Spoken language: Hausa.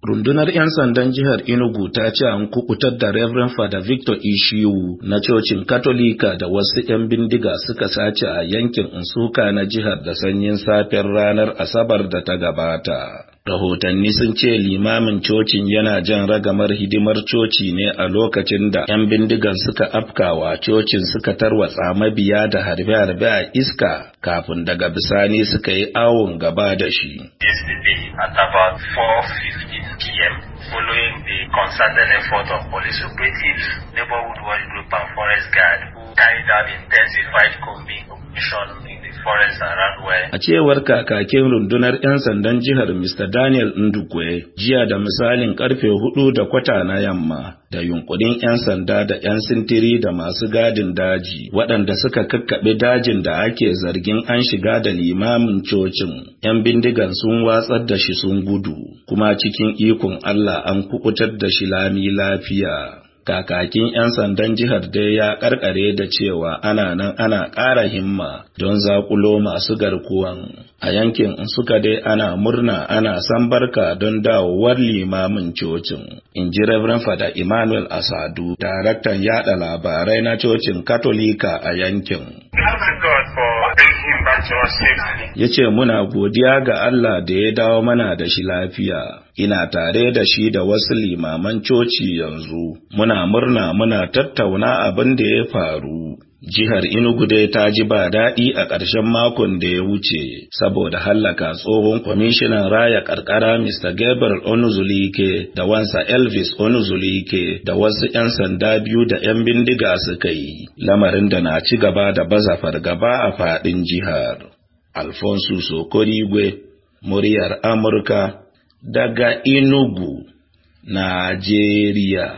Rundunar 'yan sandan jihar Enugu ta ce an kukutar da Reverend Father Victor Ishiwu na cocin Katolika da wasu 'yan bindiga suka sace a yankin Nsuka na jihar da sanyin safiyar ranar Asabar da ta gabata. Rahotanni sun ce limamin cocin yana jan ragamar hidimar coci ne a lokacin da 'yan bindigan suka afkawa cocin suka tarwatsa mabiya da harbe-harbe a iska kafin daga bisani suka yi awon gaba da shi. GM, following the concerted effort of police operatives, neighborhood watch group, and forest guard, who carried out intensified combing operation A cewar kakakin rundunar 'yan sandan jihar Mr. Daniel Ndukwe, jiya da misalin karfe hudu da kwata na yamma, da yunkurin 'yan sanda da 'yan sintiri da masu gadin daji, waɗanda suka kakkaɓe dajin da ake zargin an shiga da limamin cocin, 'yan bindigan sun watsar da shi sun gudu, kuma cikin ikon Allah an kuɓutar da shi lami lafiya. kakakin 'yan sandan jihar dai ya karkare da cewa ana nan ana ƙara himma don zaƙulo masu garkuwan a yankin suka dai ana murna ana san barka don dawowar limamin cocin in ji reverend fada emmanuel asadu daraktan yada labarai na cocin katolika a yankin Ya ce muna godiya ga Allah da ya dawo mana da shi lafiya. Ina tare da shi da wasu limaman coci yanzu. Muna murna muna tattauna abin da ya faru. Jihar Inugu dai ta ji ba daɗi a ƙarshen makon da ya wuce saboda hallaka tsohon kwamishinan raya ƙarƙara Mr. Gabriel Onuzulike da wansa Elvis Onuzulike da wasu 'yan sanda biyu da 'yan bindiga suka yi, lamarin da na ci gaba da baza fargaba a faɗin jihar. Alfonso Sokorigwe, muryar Amurka, daga Enugu, Najeriya.